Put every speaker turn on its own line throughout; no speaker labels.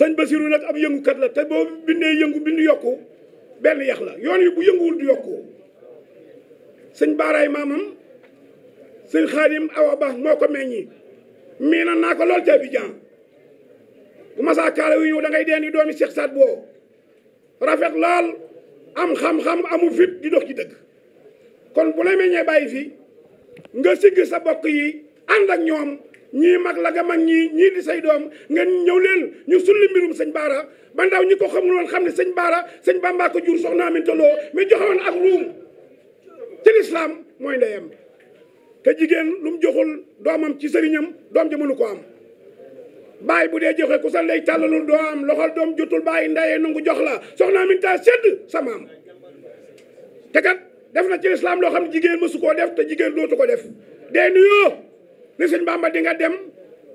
sëñ Basiru nag ab yëngukat la te boo bindee yëngu bindu yokku benn yax la yoon yi bu yënguwul du yokku sëñ baaraay maamam sëñ xaadim awa baax moo ko meññi miina naa ko lool ca Abidjan bu masaa kaala wi ñëw da ngay doomi Cheikh Saad Boo rafet lool am xam-xam amu fit di dox ci dëgg kon bu la meññee bàyyi fi nga sigg sa bokk yi ànd ak ñoom ñii mag la nga mag ñii ñii di say doom ngeen ñëw leen ñu sulli mbirum sëñ Baara ba ndaw ñi ko xamul woon xam ne sëñ Baara sëñ Bamba ko jur soxna Aminta Lo mais joxe woon ak ruum ci lislaam mooy ndeyam te jigéen lu mu joxul doomam ci sëriñam doom ji mënu ko am. baay bu dee joxe ku sa lay tàllalul doo am loxol doom jotul baay ndeyee nangu jox la soxnaa Aminta sedd sama te kat def na ci lislaam loo xam ne jigéen mësu koo def te jigéen dootu ko def dee ne sëñ Bamba di nga dem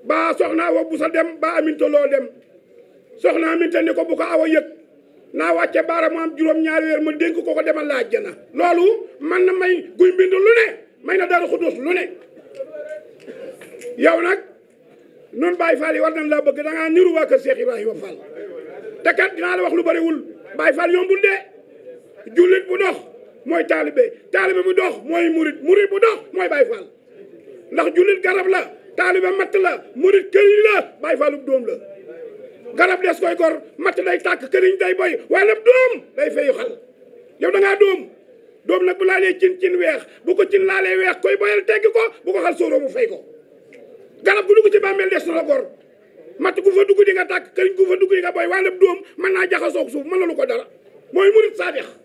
ba soxna Awa sa dem ba Aminta Lo dem soxna Aminta ni ko bu ko awa yëg naa wàcce baara mu am juróom ñaari weer ma dénk ko ko demal la àjjana loolu man na may guy mbind lu ne may na dara xudus lu ne yow nag nun Baye Fall yi war na laa bëgg da ngaa niru waa kër Cheikh Ibrahima Fall te kat dinaa la wax lu bëriwul Baye Fall yombul de jullit bu dox mooy taalibe taalibe bu dox mooy murit murit bu dox mooy Baye Fall ndax jullit garab la taalibe matt la murit këriñ la bàyyi faalub doom la garab des koy gor matt day tàkk këriñ day boy waa nag doom day feyu xal yow da ngaa doom doom nag bu laalee cin cin weex bu ko cin laalee weex koy boyal teggi ko bu ko xal sóoroo mu fay ko garab gu dugg ci bàmmeel des na la gor matt gu fa dugg di nga tàkk këriñ gu fa dugg di nga boy waaye nag doom mën naa jaxasoo suuf mën na lu ko dara mooy murit saadix